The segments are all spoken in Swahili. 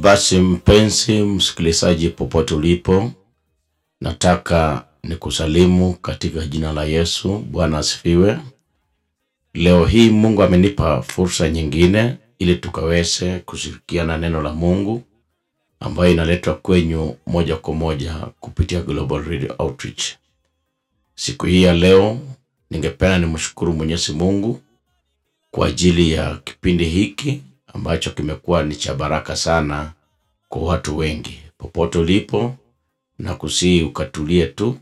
Basi mpenzi msikilizaji, popote ulipo, nataka nikusalimu katika jina la Yesu. Bwana asifiwe. Leo hii Mungu amenipa fursa nyingine ili tukaweze kushirikiana neno la Mungu ambayo inaletwa kwenyu moja kwa moja kupitia Global Radio Outreach. Siku hii ya leo, ningependa nimshukuru Mwenyezi Mungu kwa ajili ya kipindi hiki ambacho kimekuwa ni cha baraka sana kwa watu wengi. Popote ulipo, na kusii ukatulie tu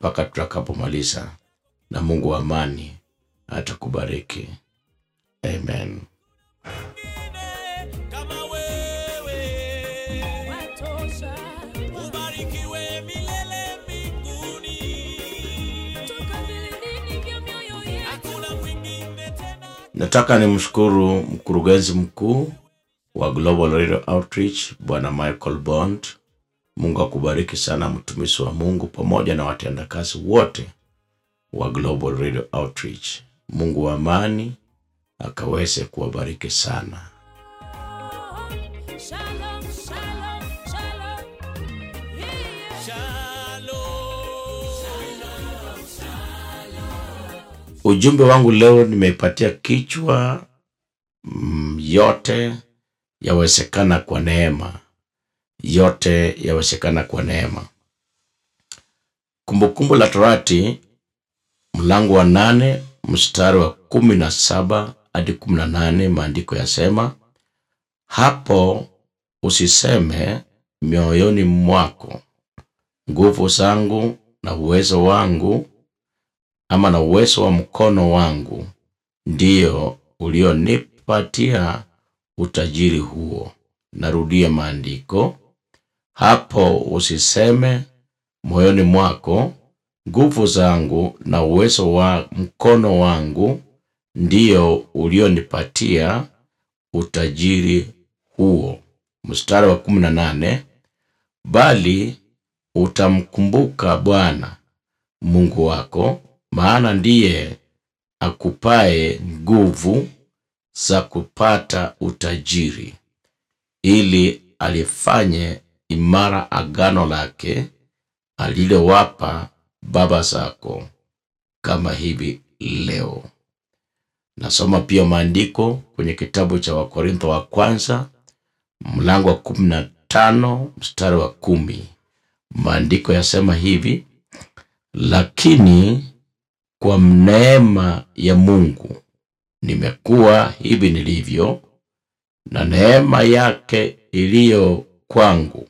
mpaka tutakapomaliza, na Mungu wa amani atakubariki. Amen. Nataka nimshukuru mkurugenzi mkuu wa Global Radio Outreach Bwana Michael Bond. Mungu akubariki sana mtumishi wa Mungu pamoja na watendakazi wote wa Global Radio Outreach. Mungu wa amani akaweze kuwabariki sana. Ujumbe wangu leo nimeipatia kichwa mm, yote yawezekana kwa neema, yote yawezekana kwa neema. Kumbukumbu la Torati mlango wa nane mstari wa kumi na saba hadi kumi na nane maandiko yasema, hapo usiseme mioyoni mwako, nguvu zangu na uwezo wangu ama na uwezo wa mkono wangu ndiyo ulionipatia utajiri huo. Narudia maandiko hapo, usiseme moyoni mwako, nguvu zangu na uwezo wa mkono wangu ndiyo ulionipatia utajiri huo. Mstari wa kumi na nane bali utamkumbuka Bwana Mungu wako maana ndiye akupaye nguvu za kupata utajiri, ili alifanye imara agano lake alilowapa baba zako, kama hivi leo. Nasoma pia maandiko kwenye kitabu cha Wakorintho wa kwanza mlango wa kumi na tano mstari wa kumi. Maandiko yasema hivi: lakini kwa neema ya Mungu nimekuwa hivi nilivyo, na neema yake iliyo kwangu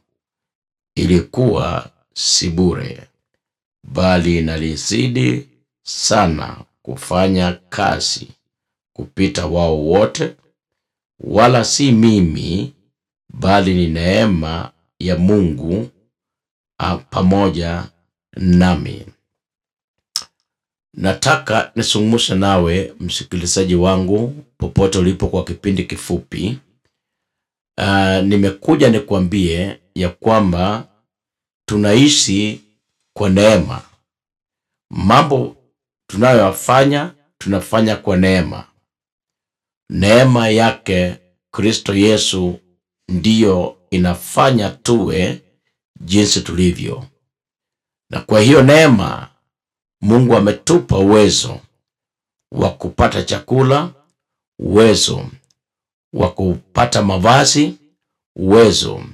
ilikuwa si bure, bali nalizidi sana kufanya kazi kupita wao wote, wala si mimi, bali ni neema ya Mungu ah, pamoja nami. Nataka nisungumuse nawe msikilizaji wangu popote ulipo kwa kipindi kifupi. Uh, nimekuja nikwambie ya kwamba tunaishi kwa neema. Mambo tunayoyafanya tunafanya kwa neema. Neema yake Kristo Yesu ndiyo inafanya tuwe jinsi tulivyo, na kwa hiyo neema Mungu ametupa uwezo wa kupata chakula, uwezo wa kupata mavazi, uwezo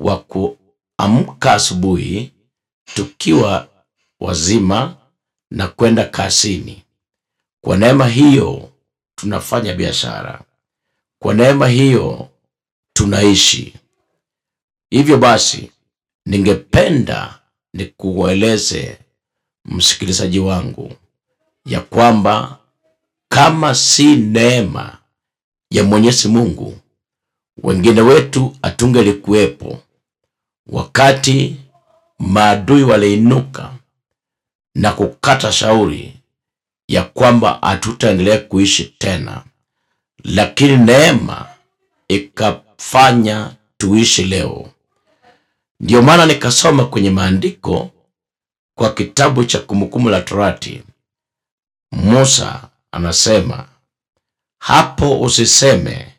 wa kuamka asubuhi tukiwa wazima na kwenda kasini. Kwa neema hiyo tunafanya biashara, kwa neema hiyo tunaishi. Hivyo basi, ningependa nikueleze msikilizaji wangu, ya kwamba kama si neema ya Mwenyezi Mungu, wengine wetu hatungelikuwepo wakati maadui waliinuka na kukata shauri ya kwamba hatutaendelea kuishi tena, lakini neema ikafanya tuishi leo. Ndiyo maana nikasoma kwenye maandiko kwa kitabu cha Kumbukumbu la Torati, Musa anasema hapo, usiseme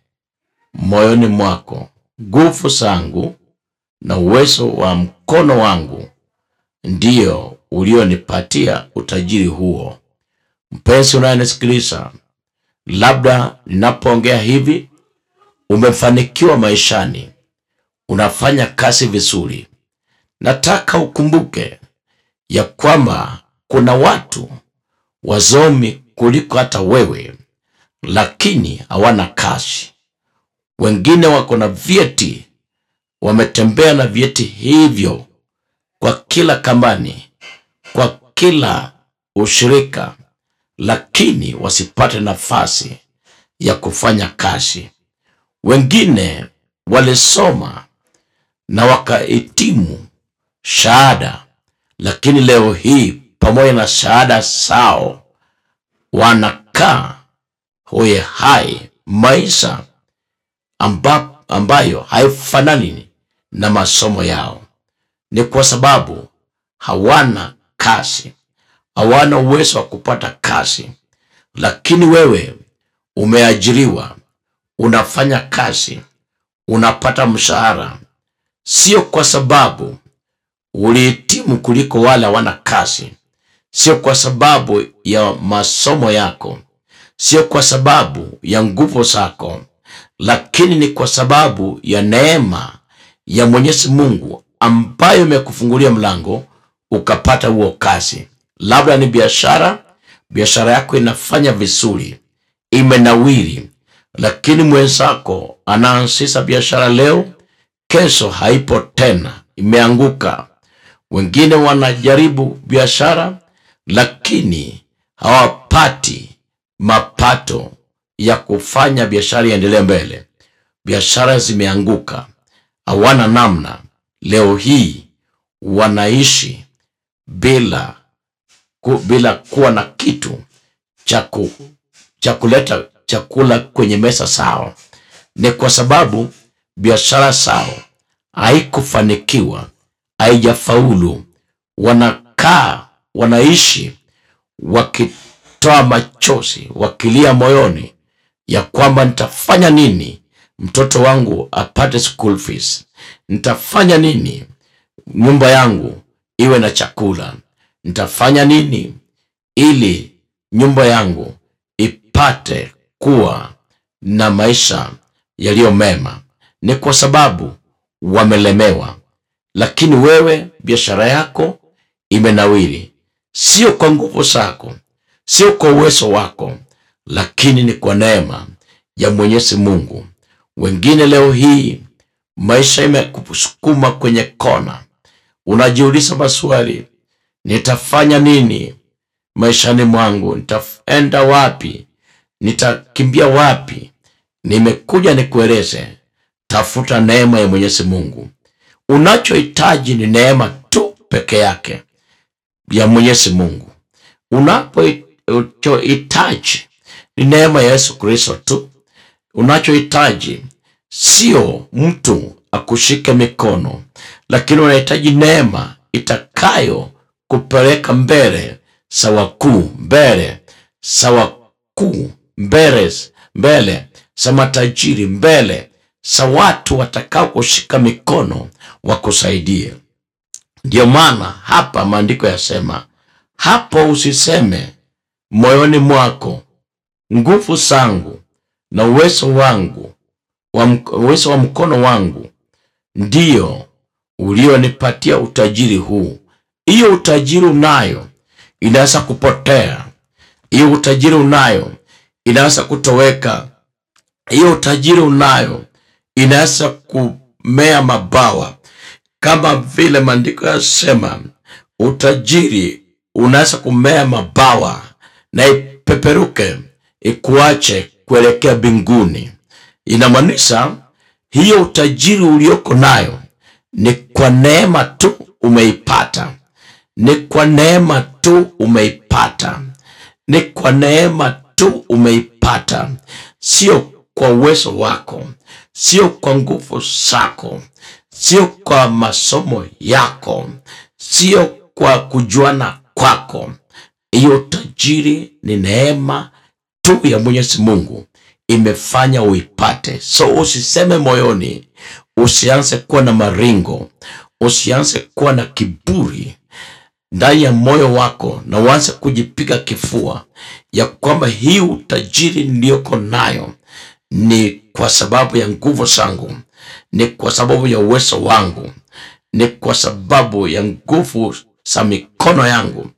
moyoni mwako, nguvu zangu na uwezo wa mkono wangu ndiyo ulionipatia utajiri huo. Mpenzi unayenisikiliza, labda ninapoongea hivi umefanikiwa maishani, unafanya kazi vizuri. Nataka ukumbuke ya kwamba kuna watu wazomi kuliko hata wewe, lakini hawana kazi. Wengine wako na vyeti, wametembea na vyeti hivyo kwa kila kambani, kwa kila ushirika, lakini wasipate nafasi ya kufanya kazi. Wengine walisoma na wakahitimu shahada lakini leo hii pamoja na shahada zao wanakaa hoye hai maisha amba, ambayo haifanani na masomo yao. Ni kwa sababu hawana kazi, hawana uwezo wa kupata kazi. Lakini wewe umeajiriwa, unafanya kazi, unapata mshahara, sio kwa sababu uli muhimu kuliko wale hawana kazi, sio kwa sababu ya masomo yako, sio kwa sababu ya nguvu zako, lakini ni kwa sababu ya neema ya Mwenyezi Mungu ambayo imekufungulia mlango ukapata huo kazi. Labda ni biashara, biashara yako inafanya vizuri, imenawiri, lakini mwenzako anaanzisha biashara leo, kesho haipo tena, imeanguka. Wengine wanajaribu biashara, lakini hawapati mapato ya kufanya biashara iendelee mbele. Biashara zimeanguka, hawana namna. Leo hii wanaishi bila ku, bila kuwa na kitu cha ku, cha kuleta chakula kwenye meza sao Ni kwa sababu biashara sao haikufanikiwa haijafaulu, wanakaa wanaishi wakitoa machozi, wakilia moyoni ya kwamba nitafanya nini mtoto wangu apate school fees? Nitafanya nini nyumba yangu iwe na chakula? Nitafanya nini ili nyumba yangu ipate kuwa na maisha yaliyo mema? Ni kwa sababu wamelemewa, lakini wewe biashara yako imenawiri, sio kwa nguvu zako, sio kwa uwezo wako, lakini ni kwa neema ya Mwenyezi Mungu. Wengine leo hii maisha imekusukuma kwenye kona, unajiuliza maswali, nitafanya nini maishani mwangu? Nitaenda wapi? Nitakimbia wapi? Nimekuja nikueleze, tafuta neema ya Mwenyezi Mungu. Unachohitaji ni neema tu peke yake ya Mwenyezi Mungu. Unapohitaji ni neema ya Yesu Kristo tu. Unachohitaji sio mtu akushike mikono, lakini unahitaji neema itakayo kupeleka mbele sawa kuu mbele sawa kuu mbele mbele za matajiri mbele za watu watakao kushika mikono wakusaidie. ndio maana hapa maandiko yasema, hapo usiseme moyoni mwako, nguvu zangu na uwezo wangu wa uwezo wa mkono wangu ndiyo ulionipatia utajiri huu. Hiyo utajiri unayo inaweza kupotea, hiyo utajiri unayo inaweza kutoweka, hiyo utajiri unayo inaweza kumea mabawa kama vile maandiko yasema, utajiri unaweza kumea mabawa na ipeperuke ikuache kuelekea binguni Inamaanisha hiyo utajiri ulioko nayo ni kwa neema tu umeipata, ni kwa neema tu umeipata, ni kwa neema tu umeipata, sio kwa uwezo wako, sio kwa nguvu zako, sio kwa masomo yako, sio kwa kujuana kwako. Hiyo tajiri ni neema tu ya Mwenyezi Mungu imefanya uipate. So usiseme moyoni, usianze kuwa na maringo, usianze kuwa na kiburi ndani ya moyo wako, na uanze kujipiga kifua ya kwamba hii utajiri niliyoko nayo ni kwa sababu ya nguvu zangu ni kwa sababu ya uwezo wangu, ni kwa sababu ya nguvu za mikono yangu,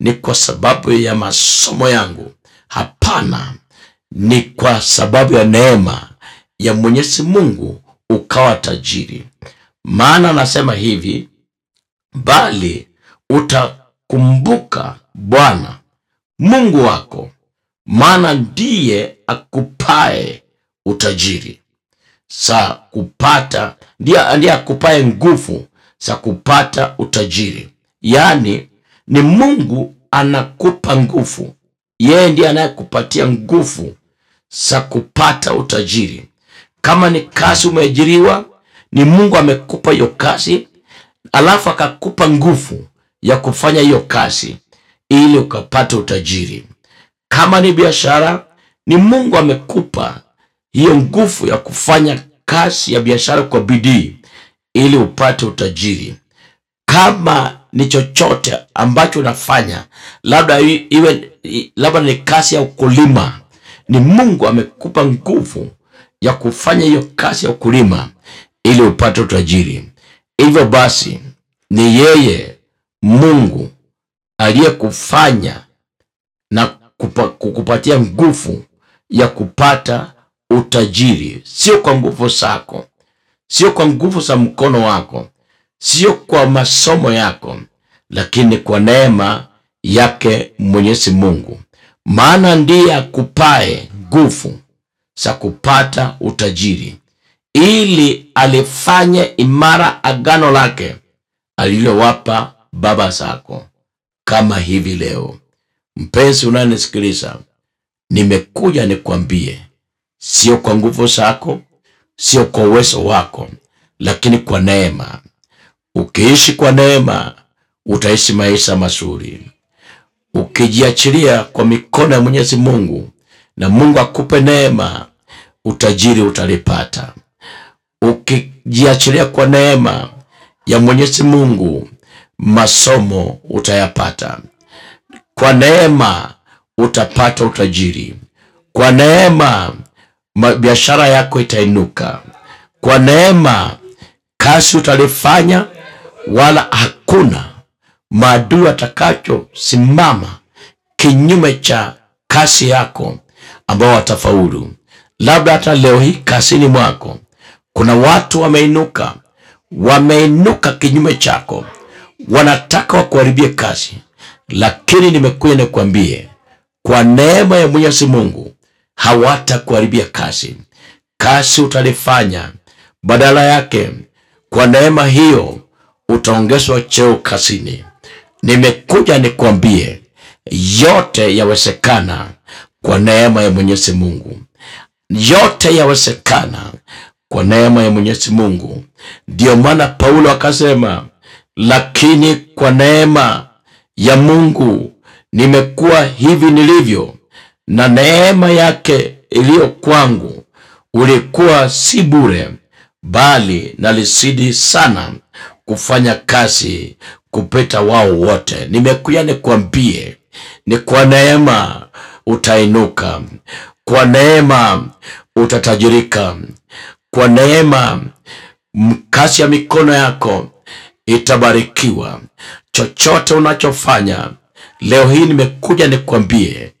ni kwa sababu ya masomo yangu. Hapana, ni kwa sababu ya neema ya Mwenyezi Mungu ukawa tajiri. Maana anasema hivi, bali utakumbuka Bwana Mungu wako, maana ndiye akupae utajiri za kupata ndiye ndiye akupaye nguvu za kupata utajiri. Yaani ni Mungu anakupa nguvu, yeye ndiye anayekupatia nguvu za kupata utajiri. Kama ni kazi umeajiriwa, ni Mungu amekupa hiyo kazi, alafu akakupa nguvu ya kufanya hiyo kazi ili ukapata utajiri. Kama ni biashara, ni Mungu amekupa hiyo nguvu ya kufanya kazi ya biashara kwa bidii ili upate utajiri. Kama ni chochote ambacho unafanya, labda iwe labda ni kazi ya ukulima, ni Mungu amekupa nguvu ya kufanya hiyo kazi ya ukulima ili upate utajiri. Hivyo basi, ni yeye Mungu aliyekufanya na kupa, kukupatia nguvu ya kupata utajiri, sio kwa nguvu zako, sio kwa nguvu za mkono wako, sio kwa masomo yako, lakini kwa neema yake Mwenyezi Mungu, maana ndiye akupae nguvu za kupata utajiri, ili alifanye imara agano lake alilowapa baba zako. Kama hivi leo, mpenzi unanisikiliza, nimekuja nikwambie sio kwa nguvu zako, sio kwa uwezo wako, lakini kwa neema. Ukiishi kwa neema, utaishi maisha mazuri. Ukijiachilia kwa mikono ya Mwenyezi Mungu na Mungu akupe neema, utajiri utalipata. Ukijiachilia kwa neema ya Mwenyezi Mungu, masomo utayapata. Kwa neema utapata utajiri. Kwa neema biashara yako itainuka kwa neema. Kazi utalifanya, wala hakuna maadui atakachosimama kinyume cha kazi yako ambao watafaulu. Labda hata leo hii kazini mwako kuna watu wameinuka, wameinuka kinyume chako, wanataka wakuharibie kazi, lakini nimekuja nikwambie kwa neema ya Mwenyezi Mungu hawatakuharibia kazi. Kazi utalifanya, badala yake kwa neema hiyo utaongezwa cheo kazini. Nimekuja nikwambie yote yawezekana kwa neema ya Mwenyezi Mungu, yote yawezekana kwa neema ya Mwenyezi Mungu. Ndiyo maana Paulo akasema, lakini kwa neema ya Mungu nimekuwa hivi nilivyo na neema yake iliyo kwangu ulikuwa si bure, bali nalisidi sana kufanya kazi kupita wao wote. Nimekuja nikwambie, ni kwa neema utainuka, kwa neema utatajirika, kwa neema kazi ya mikono yako itabarikiwa. Chochote unachofanya leo hii, nimekuja nikwambie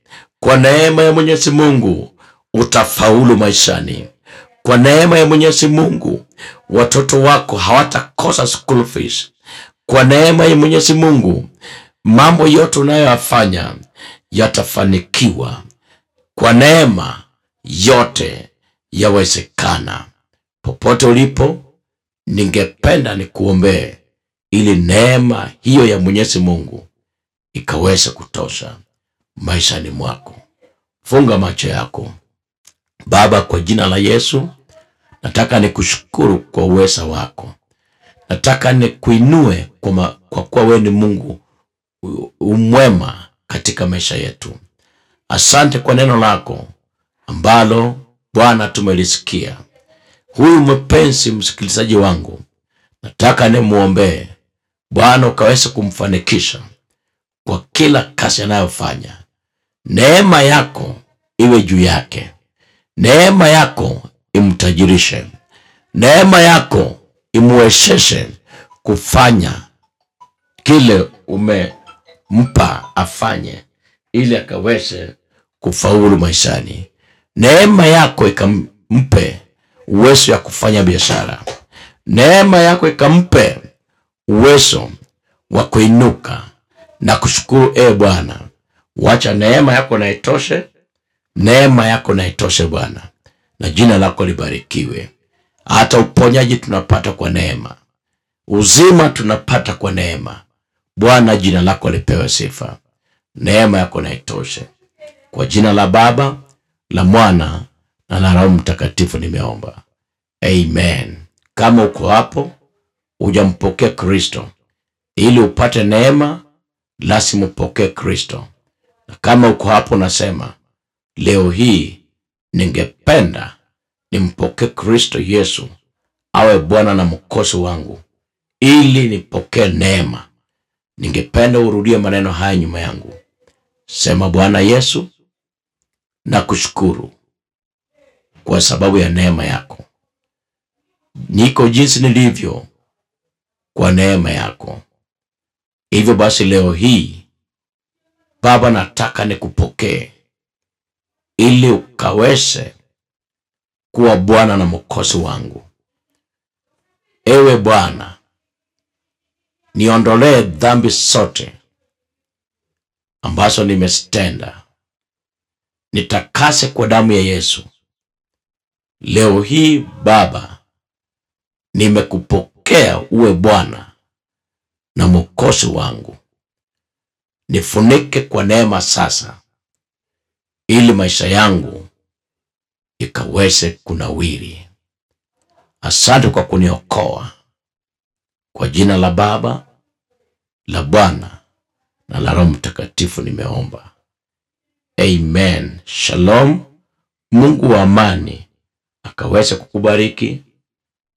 kwa neema ya Mwenyezi Mungu utafaulu maishani. Kwa neema ya Mwenyezi Mungu watoto wako hawatakosa school fees. Kwa neema ya Mwenyezi Mungu mambo yote unayoyafanya yatafanikiwa. Kwa neema yote yawezekana. Popote ulipo, ningependa nikuombee ili neema hiyo ya Mwenyezi Mungu ikaweze kutosha maishani mwako. Funga macho yako. Baba, kwa jina la Yesu, nataka nikushukuru kwa uweza wako, nataka nikuinue kwa kuwa wewe ni Mungu umwema katika maisha yetu. Asante kwa neno lako ambalo Bwana tumelisikia. Huyu mpenzi msikilizaji wangu, nataka nimwombee Bwana ukaweze kumfanikisha kwa kila kazi anayofanya neema yako iwe juu yake, neema yako imtajirishe, neema yako imwezeshe kufanya kile umempa afanye, ili akaweze kufaulu maishani. Neema yako ikampe uwezo ya kufanya biashara, neema yako ikampe uwezo wa kuinuka na kushukuru. E ee Bwana, Wacha neema yako na itoshe, neema yako na itoshe Bwana, na jina lako libarikiwe. Hata uponyaji tunapata kwa neema, uzima tunapata kwa neema. Bwana, jina lako lipewe sifa. Neema yako na itoshe. Kwa jina la Baba, la Mwana na la Roho Mtakatifu nimeomba, amen. Kama uko hapo hujampokea Kristo ili upate neema, lazima upokee Kristo. Kama uko hapo, nasema leo hii ningependa nimpokee Kristo Yesu awe Bwana na mwokozi wangu ili nipokee neema. Ningependa urudie maneno haya nyuma yangu, sema: Bwana Yesu, nakushukuru kwa sababu ya neema yako. Niko jinsi nilivyo kwa neema yako. Hivyo basi leo hii Baba, nataka nikupokee ili ukaweze kuwa Bwana na Mwokozi wangu. Ewe Bwana, niondolee dhambi zote ambazo nimezitenda, nitakase kwa damu ya Yesu. Leo hii Baba, nimekupokea uwe Bwana na Mwokozi wangu nifunike kwa neema sasa, ili maisha yangu ikaweze kunawiri. Asante kwa kuniokoa, kwa jina la Baba la Bwana na la Roho Mtakatifu nimeomba, amen. Shalom. Mungu wa amani akaweze kukubariki,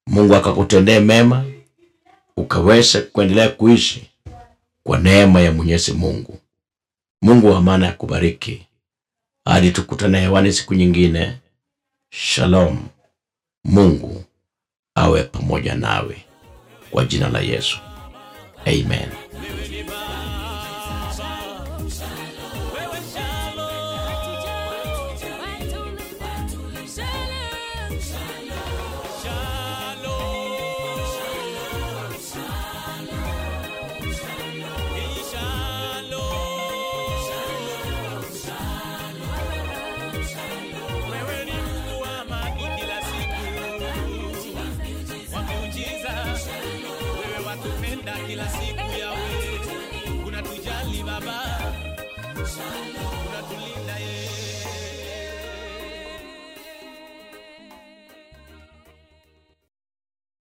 Mungu akakutendee mema, ukaweze kuendelea kuishi kwa neema ya Mwenyezi Mungu. Mungu wa maana ya kubariki hadi tukutane hewani siku nyingine. Shalom. Mungu awe pamoja nawe kwa jina la Yesu, amen.